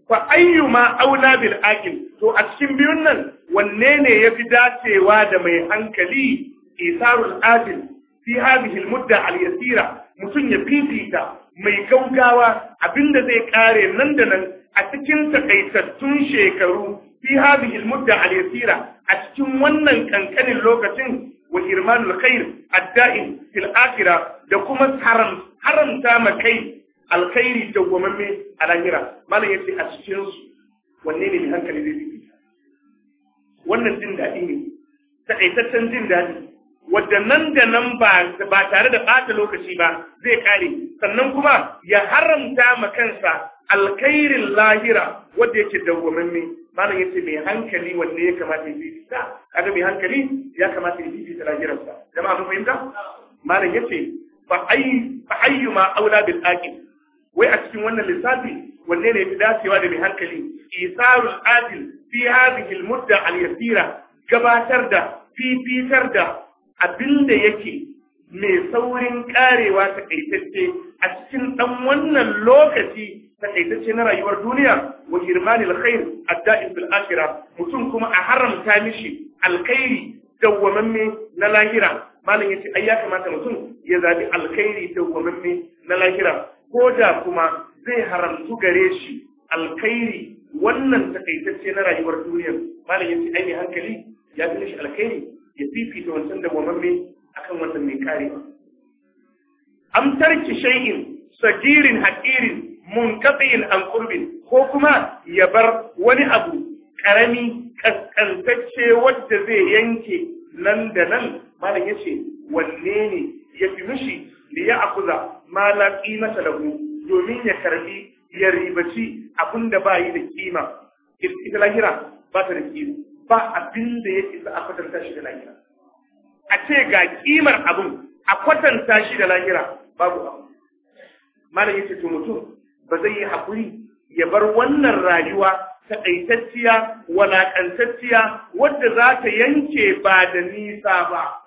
fa ayyu ma aula bil aqil to a cikin biyun nan wanne ne ya fi dacewa da mai hankali isarul adil fi hadhihi al mudda al yasira mutum ya fifita mai gaugawa abinda zai ƙare nan da nan a cikin takaitattun shekaru fi hadhihi al-mudda al-yasira a cikin wannan kankanin lokacin wa irmanul khair ad-da'im fil akhirah da kuma haram haramta ma kai alkhairi dawwamamme a lahira malam yace a cikin su wanne ne mai hankali zai bi wannan jin daɗi ne taƙaitaccen jin daɗi wadda nan da nan ba tare da ɓata lokaci ba zai ƙare sannan kuma ya haramta ma kansa alkhairin lahira wadda yake dawwamamme malam yace mai hankali wanne ya kamata ya bibita kaga mai hankali ya kamata ya bibita lahirarsa jama'a ba fahimta malam yace fa ayyu fa ayyu ma aula bil aqil wai a cikin wannan lissafi wanne ne fi dacewa da mai hankali isarul adil fi hadhihi al mudda al yasira gabatar da fifitar da Abinda yake mai saurin karewa takaitacce a cikin ɗan wannan lokaci takaitacce na rayuwar duniya wa hirmanil khair adda'in fil akhirah mutum kuma a haramta mishi alkhairi dawwamamme na lahira malam yace ai ya kamata mutum ya zabi alkhairi dawwamamme na lahira ko da kuma zai haramtu gare shi alkhairi wannan takaitacce na rayuwar duniya malam yace ai mai hankali ya fi shi alkhairi ya fifita wancan dawwamamme akan wannan mai kare. am tarki shay'in sagirin haqirin munqati'in an qurbin ko kuma ya bar wani abu karami kaskantacce wanda zai yanke nan da nan ya yace wanne ne ya fi mushi da ya akuza ma ƙimata da mu domin ya karbi ya ribaci abinda ba yi da kima ita lahira ba ta da kima ba abin da ya isa a kwatanta shi da lahira a ce ga kimar abin a kwatanta shi da lahira babu abu malam yace to mutum ba zai yi haƙuri ya bar wannan rayuwa taƙaitacciya walaƙantacciya wadda za ta yanke ba da nisa ba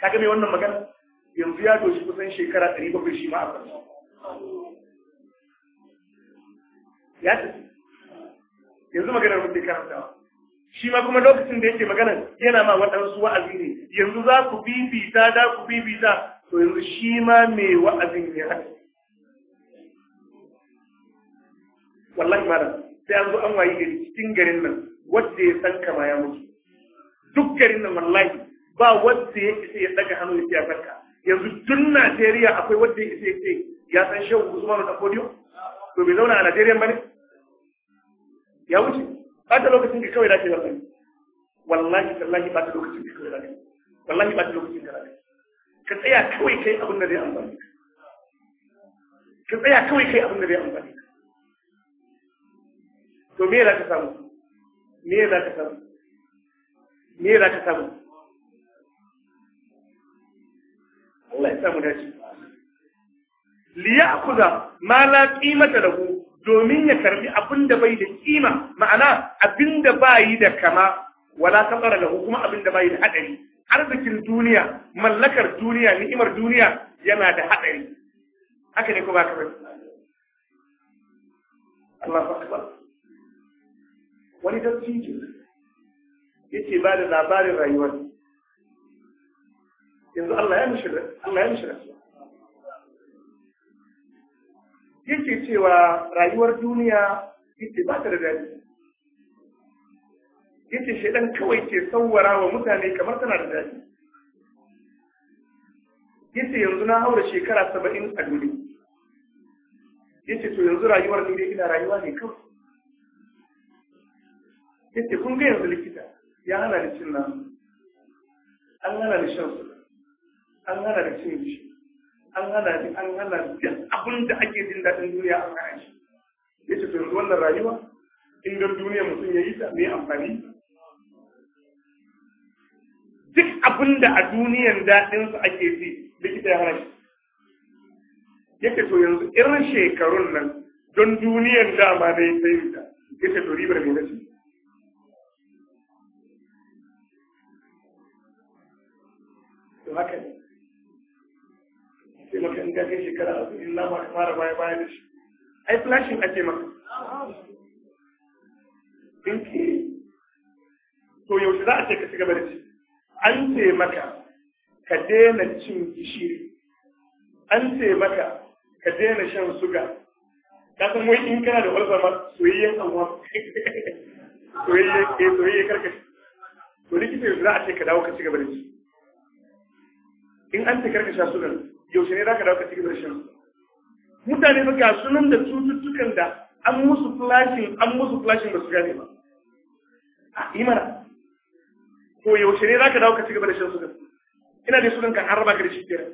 Ka mai wannan magana yanzu ya doshi kusan shekara ɗari bakwai shi ma a farko ya tafi yanzu maganar mutum karantawa shi ma kuma lokacin da yake magana yana ma waɗansu wa'azi ne yanzu za ku bibita da ku bibita to yanzu shi ma mai wa'azin ne haka wallahi malam sai an zo an wayi gari cikin garin nan wanda ya san kama ya mutu duk garin nan wallahi ba wanda ya ce ya daga hannu ya san ka yanzu tun Najeriya akwai wanda ya ce ya san shehu Usman da podium to bai zauna a Najeriya bane ya wuce ba ta lokacin da kawai dace wallahi wallahi tallahi ba ta lokacin da kawai dace wallahi ba ta lokacin da dace ka tsaya kawai kai abin da zai amfani ka tsaya kawai kai abin da zai amfani to me za ka samu me za ka samu me za ka samu Allah ya samu dace liyakuza ma la qimata lahu domin ya karbi abin da bai da kima ma'ana abin da bai da kama wala kamara lahu kuma abin da bai da hadari arzikin duniya mallakar duniya ni'imar duniya yana da hadari haka ne ko ba ka bari akbar wani dattijo yake ba da labarin rayuwar yanzu Allah ya mishi Allah ya mishi yake cewa rayuwar duniya yake ba ta da daɗi yake shaidan kawai ke sauwara wa mutane kamar tana da daɗi yake yanzu na haura shekara saba'in a duniya yake to yanzu rayuwar ni dai ina rayuwa ne kawai yace kun ga yanzu likita ya hana da cin nan an hana da shan su an hana da cin shi an hana da an hana duk abun da ake jin daɗin duniya an hana shi yace to yanzu wannan rayuwa in don duniya mutum ya yi ta mai amfani duk abin da a duniyan daɗinsu ake ji likita ya hana shi yake to yanzu irin shekarun nan don duniyan dama da ya sayi ta yake to ribar mai nace haka ne sai maka in ka kai shekara arba'in na maka fara baya baya da shi ai flashing ake maka in ke to yaushe za a ce ka ci gaba da ci an ce maka ka daina cin gishiri an ce maka ka daina shan suga ka san wai in kana da ulcer ma soyayyen amma. [LAUGHS] Soyayye ke eh, soyayyen karkashi to likita yaushe za a ce ka dawo ka ci gaba da ci in an ta karkasha sunan yaushe ne za ka dawo ka cikin rashin mutane ba ga sunan da cututtukan da an musu flashin an musu flashin ba su gane ba a imana ko yaushe ne za ka dawo ka cikin rashin sunan? ina da sunan kan an raba ka da shi kenan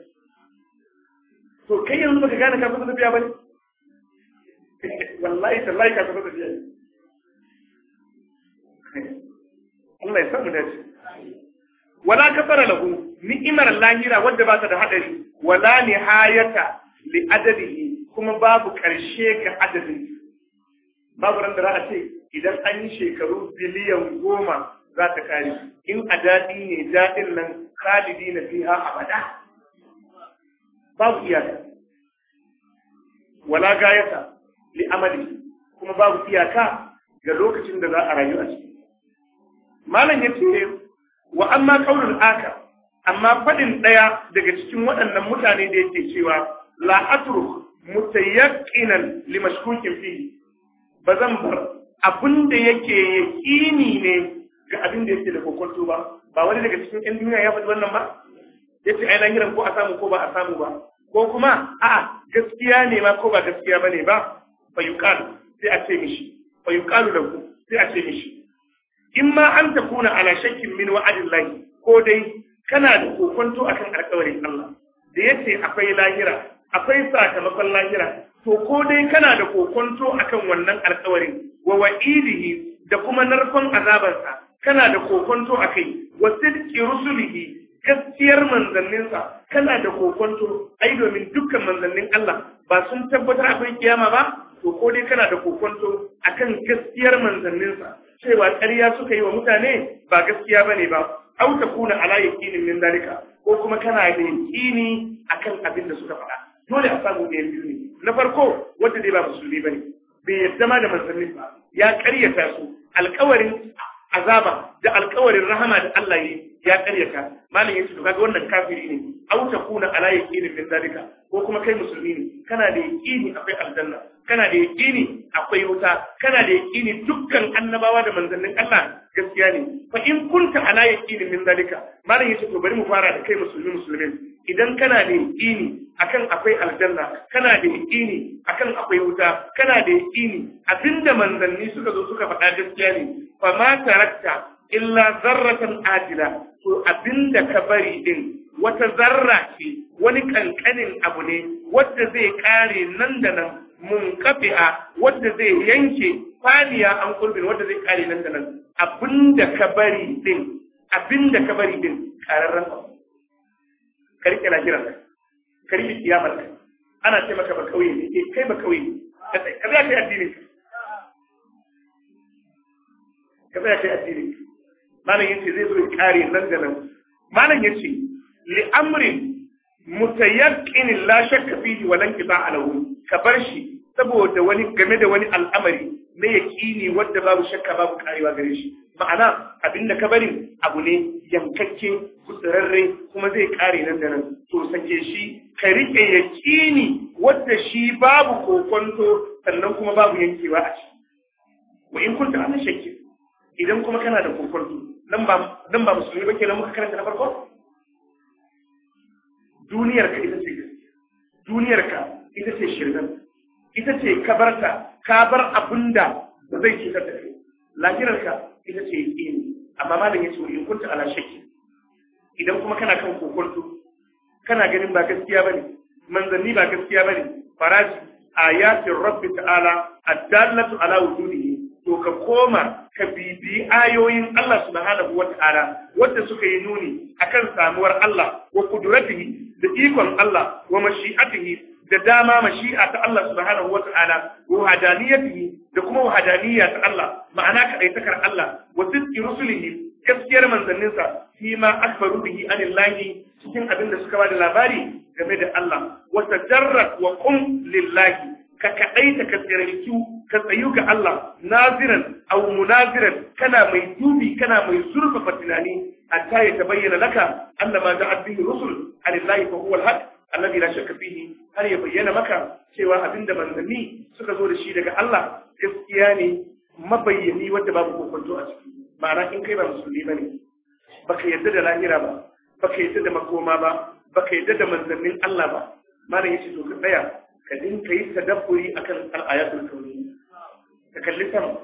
to kai yanzu baka gane ka kusa tafiya ba ne [LAUGHS] wallahi tallahi ka kusa tafiya ne [LAUGHS] Allah ya mu dace wala kafara lahu ni'imar lahira wadda ba ta da hadari wala nihayata li adadihi kuma babu karshe ga adadin babu ran da za a ce idan an yi shekaru biliyan goma za ta kare in a daɗi ne daɗin nan khalidi na fiha abada babu iyaka wala gayata li amali kuma babu iyaka ga lokacin da za a rayu a ciki malam yace wa amma qaulul aka amma faɗin ɗaya daga cikin waɗannan mutane da yake cewa la atru mutayaqqinan li mashkukin fihi ba zan bar abin da yake yaqini ne ga abin da yake da kokonto ba ba wani daga cikin ƴan duniya ya faɗi wannan ba yace ai lahiran ko a samu ko ba a samu ba ko kuma a'a gaskiya ne ma ko ba gaskiya bane ba fa yuqal sai a ce mishi fa yuqalu lahu sai a ce mishi imma an takuna ala shakkin min wa'adillahi ko dai kana da kokonto akan alƙawarin Allah da yace akwai lahira akwai sakamakon lahira to ko dai kana da kokonto akan wannan alƙawarin wa wa'idihi da kuma narkon azabarsa kana da kokonto akai wa sidqi rusulihi gaskiyar manzanninsa kana da kokonto ai domin dukkan manzannin Allah ba sun tabbatar akwai kiyama ba to ko dai kana da kokonto akan gaskiyar manzanninsa cewa ƙarya suka yi wa mutane ba gaskiya ne ba aw a ala yaqinin min dalika ko kuma kana da yaqini akan abin da suka faɗa dole a samu da yanzu ne na farko wanda dai ba musulmi bane bai yadda ma da manzannin ba ya karyata su alƙawarin azaba da alƙawarin rahama da Allah ya karyata malin yace to kaga wannan kafiri ne aw kuna ala yaqinin min dalika ko kuma kai musulmi ne kana da yaqini akwai aljanna kana da yaqini akwai wuta kana da yaqini dukkan annabawa da manzannin Allah gaskiya ne fa in kunta ala yaqinin min dalika malin yace to bari mu fara da kai musulmi musulmin idan kana da yaƙini akan akwai aljanna kana da yaƙini akan akwai wuta kana da yaƙini abinda manzanni suka zo suka faɗa gaskiya ne fa ma tarakta illa zarratan adila to abinda ka bari din wata zarra ce wani kankanin abu ne wadda zai kare nan da nan mun kafi'a wadda zai yanke faniya an kurbin wadda zai kare nan da nan abinda ka bari din abinda ka bari din kararran ka karike lahiran ka karike kiyamar ka ana ce maka ba kauye ne eh kai ba kauye ne ka tsaya kai addinin ka ka kai ka malam yace zai zo kare nan da nan malam yace li amrin mutayaqqin la shakka fihi wa lan qita alahu ka bar shi saboda wani game da wani al'amari na yaqini wanda babu shakka babu karewa gare shi ma'ana abinda ka bari abu ne yankakke kusurarre kuma zai kare nan da nan to sake shi ka rike yaqini wanda shi babu kokonto sannan kuma babu yankewa a ciki wa in kunta ana shakki idan kuma kana da kokonto dan ba dan ba musulmi la kenan muka karanta na farko duniyar ka ita ce duniyar ka ita ce shirgan ita ce kabarta ka bar abinda ba zai cutar da kai lahirar ka ita ce yaqini amma malam ce in kunta ala shakki idan kuma kana kan kokonto kana ganin ba gaskiya bane manzanni ba gaskiya bane faraji ayatin rabbi ta'ala addallatu ala wujudihi to ka koma ka bibi ayoyin Allah subhanahu wata'ala wanda suka yi nuni akan samuwar Allah wa kudratihi da ikon Allah wa mashi'atihi da dama mashi'a ta Allah subhanahu wata'ala wa hadaniyatihi da kuma wahadaniyya ta Allah ma'ana aitakar Allah wa sidqi rusulihi gaskiyar manzanninsa fi ma akbaru bihi anillahi cikin abin da suka ba da labari game da Allah wa tajarrat wa qum lillahi ka kaɗai ta ka tsirarki ka tsayu ga Allah naziran aw munaziran kana mai dubi kana mai zurfafa tunani hatta ya bayyana laka annama ja'at bihi rusul alillahi fa huwa al-haq alladhi la shakka fihi har ya bayyana maka cewa abinda manzanni suka zo da shi daga Allah gaskiya ne mabayyani wanda babu kokonto a ciki ma'ana in kai ba musulmi bane baka yarda da lahira ba baka yarda da makoma ba baka yarda da manzannin Allah ba malam yace to ka tsaya ka dinka yi tadabburi akan al'ayatul kauni ka kalli sama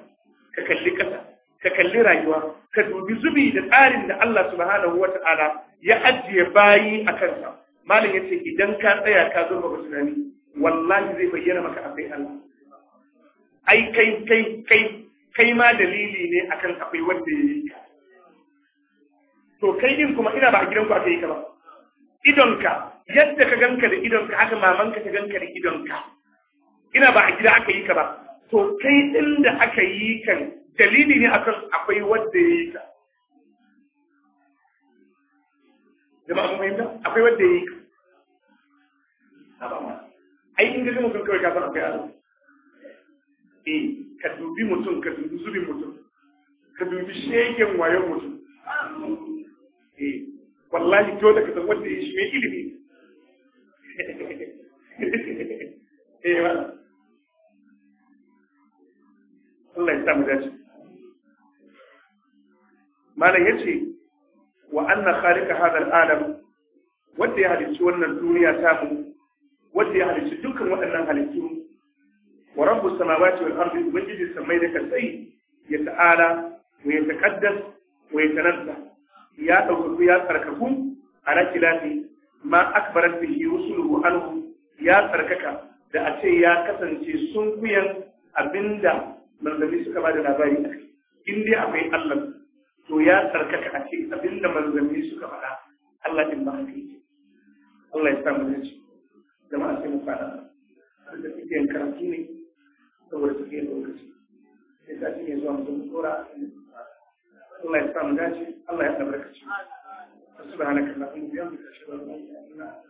ka kalli kasa ka kalli rayuwa ka dubi zubi da tsarin da Allah subhanahu wata'ala ya ajiye bayi a kansa malam yace idan ka tsaya ka zo ga tunani wallahi zai bayyana maka akwai Allah ai kai kai kai kai ma dalili ne akan akwai wanda ya yi ka to kai din kuma ina ba a gidanku aka yi ka ba idonka yadda ka ganka da idonka haka mamanka ta ganka da idonka ina ba a gida aka yi ka ba to kai inda da aka yi kan dalili ne akan akwai wadda ya yi ka jama'a kuma fahimta akwai wadda ya yi ka ai in ga mutum kawai kafin akwai aro eh ka dubi mutum ka dubi zubin mutum ka dubi shegen wayon mutum eh wallahi dole ka san wadda ya shi mai ilimi eh Allah ya samu dace malam yace wa anna khaliqa hadha al-alam wanda ya halicci wannan duniya ta mu wanda ya halicci dukkan waɗannan halittu wa rabbu samawati wal ardi ubangiji samai da kasai ya ta'ala wa ya taqaddas wa ya tanazza ya daukaku ya tsarkaku ala kilati ma akbarat bihi radiyallahu anhu ya tsarkaka da a ce ya kasance sunkuyan abinda manzanni suka bada labari a kai in dai akwai Allah to ya tsarkaka a ce abinda manzanni suka faɗa Allah din ba haka yake Allah ya sa mu dace jama'a sai mu fara da suke yin karatu ne saboda suke yin lokaci sai ta ce zuwa mu zama tsora Allah ya sa mu dace Allah ya albarkaci subhanaka allahumma wa bihamdika ashhadu an la ilaha illa anta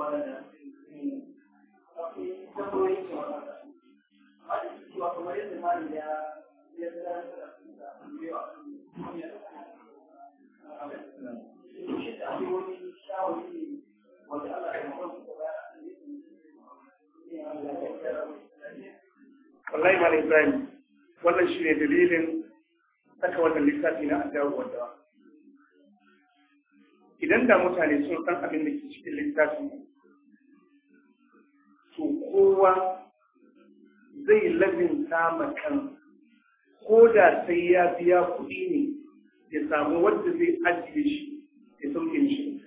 wallahi ma ibrahim wannan shi ne dalilin saka wannan lissafi na addawa wanda idan da mutane sun san abin da ke cikin littafin to kowa zai labinta ma kan ko da sai ya biya kuɗi ne ya samu wanda zai ajiye shi ya sauke shi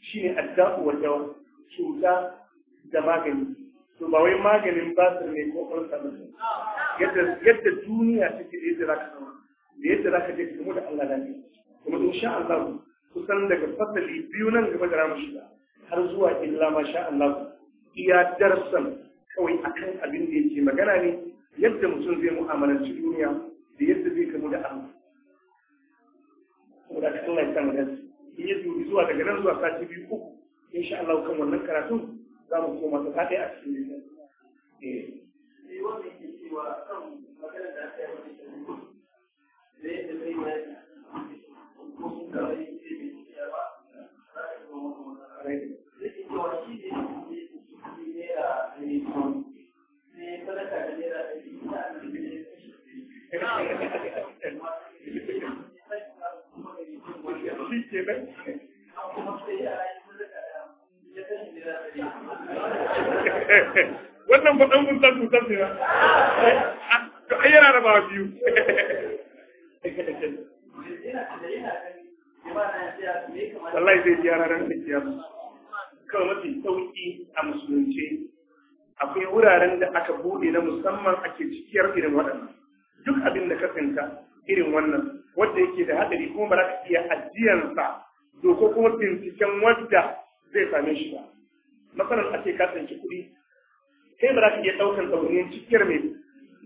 shi ne adda'u wa dawa cuta da magani to ba wai maganin su ne ko ulsa ba yadda yadda duniya take da yadda ka zama da yadda za ka je kuma da Allah lafiya kuma sha Allah kusan daga fasali biyu nan gaba da ramu shiga har zuwa illa ma sha Allah iya darsan kawai akan abin da yake magana ne yadda mutum zai mu'amalanci duniya da yadda zai kamu da Allah saboda ka Allah ya samu dace in ya dubi zuwa daga nan zuwa sati biyu uku insha Allah kan wannan karatun za mu koma ta kaɗai a cikin littafi. Eh. Wannan ke cewa kan magana da aka yi Right. wannan ba ɗan guntar cutar ne ba. da ba biyu. Wallahi zai yara ran da kawai mafi sauki a musulunci, akwai wuraren da aka bude na musamman ake cikiyar irin waɗannan duk abin da ka tsinta irin wannan wadda yake da haɗari kuma ba za ka iya ajiyansa doko kuma binciken wadda zai same shi ba masalan ake ka tsinci kuɗi sai ba za ka iya ɗaukan tsaunin cikiyar mai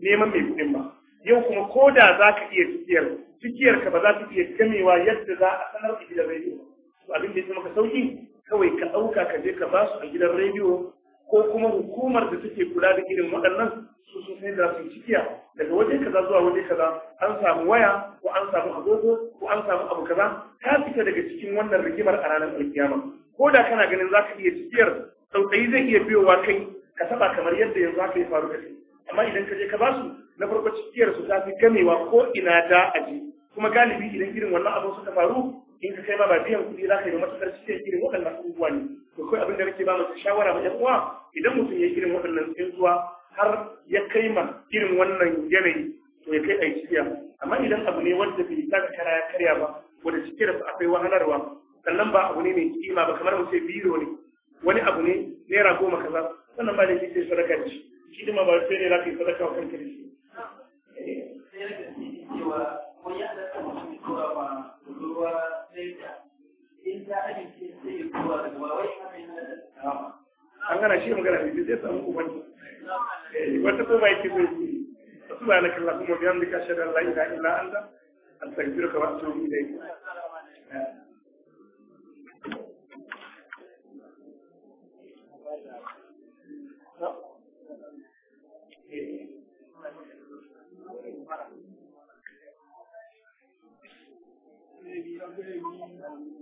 neman mai kuɗin ba yau kuma ko da za ka iya cikiyar cikiyar ka ba za ta iya gamewa yadda za a sanar da gidan rediyo abin da ya maka sauki kawai ka ɗauka ka je ka ba su a gidan rediyo ko kuma hukumar da take kula da irin waɗannan su sun sai da su cikiya daga waje kaza zuwa waje kaza an samu waya ko an samu agogo ko an samu abu kaza ta fita daga cikin wannan rigimar a ranar alkiyama ko da kana ganin za ka iya cikiyar tsautsayi zai iya biyowa kai ka saba kamar yadda yanzu haka ya faru da kai amma idan ka je ka ba su na farko cikiyar su ta fi gamewa ko ina da aji kuma galibi idan irin wannan abin suka faru in ka kai ma ba biyan kuɗi za ka yi matuƙar cikin irin waɗannan abubuwa ne to kai abin da nake ba mu shawara ba uwa idan mutum ya yi irin waɗannan tsintuwa har ya kai ma irin wannan yanayi to ya kai a cikiya amma idan abu ne wanda bai taka kara ya karya ba wanda cikin da akwai wahalarwa sannan ba abu ne mai kima ba kamar mu ce biro ne wani abu ne naira goma kaza sannan ba da shi sadaka da shi shi ba sai ne za ka yi sadaka wa kanka da shi ko ya da kan mutum tura ma ruwa sai da in ta amince sai ya tura ba wai kamar yana da kama an gana shi magana bai zai samu ubanci eh, wata ko bai ce zai yi سبحانك اللهم وبحمدك اشهد ان لا اله الا انت استغفرك واتوب اليك Amen.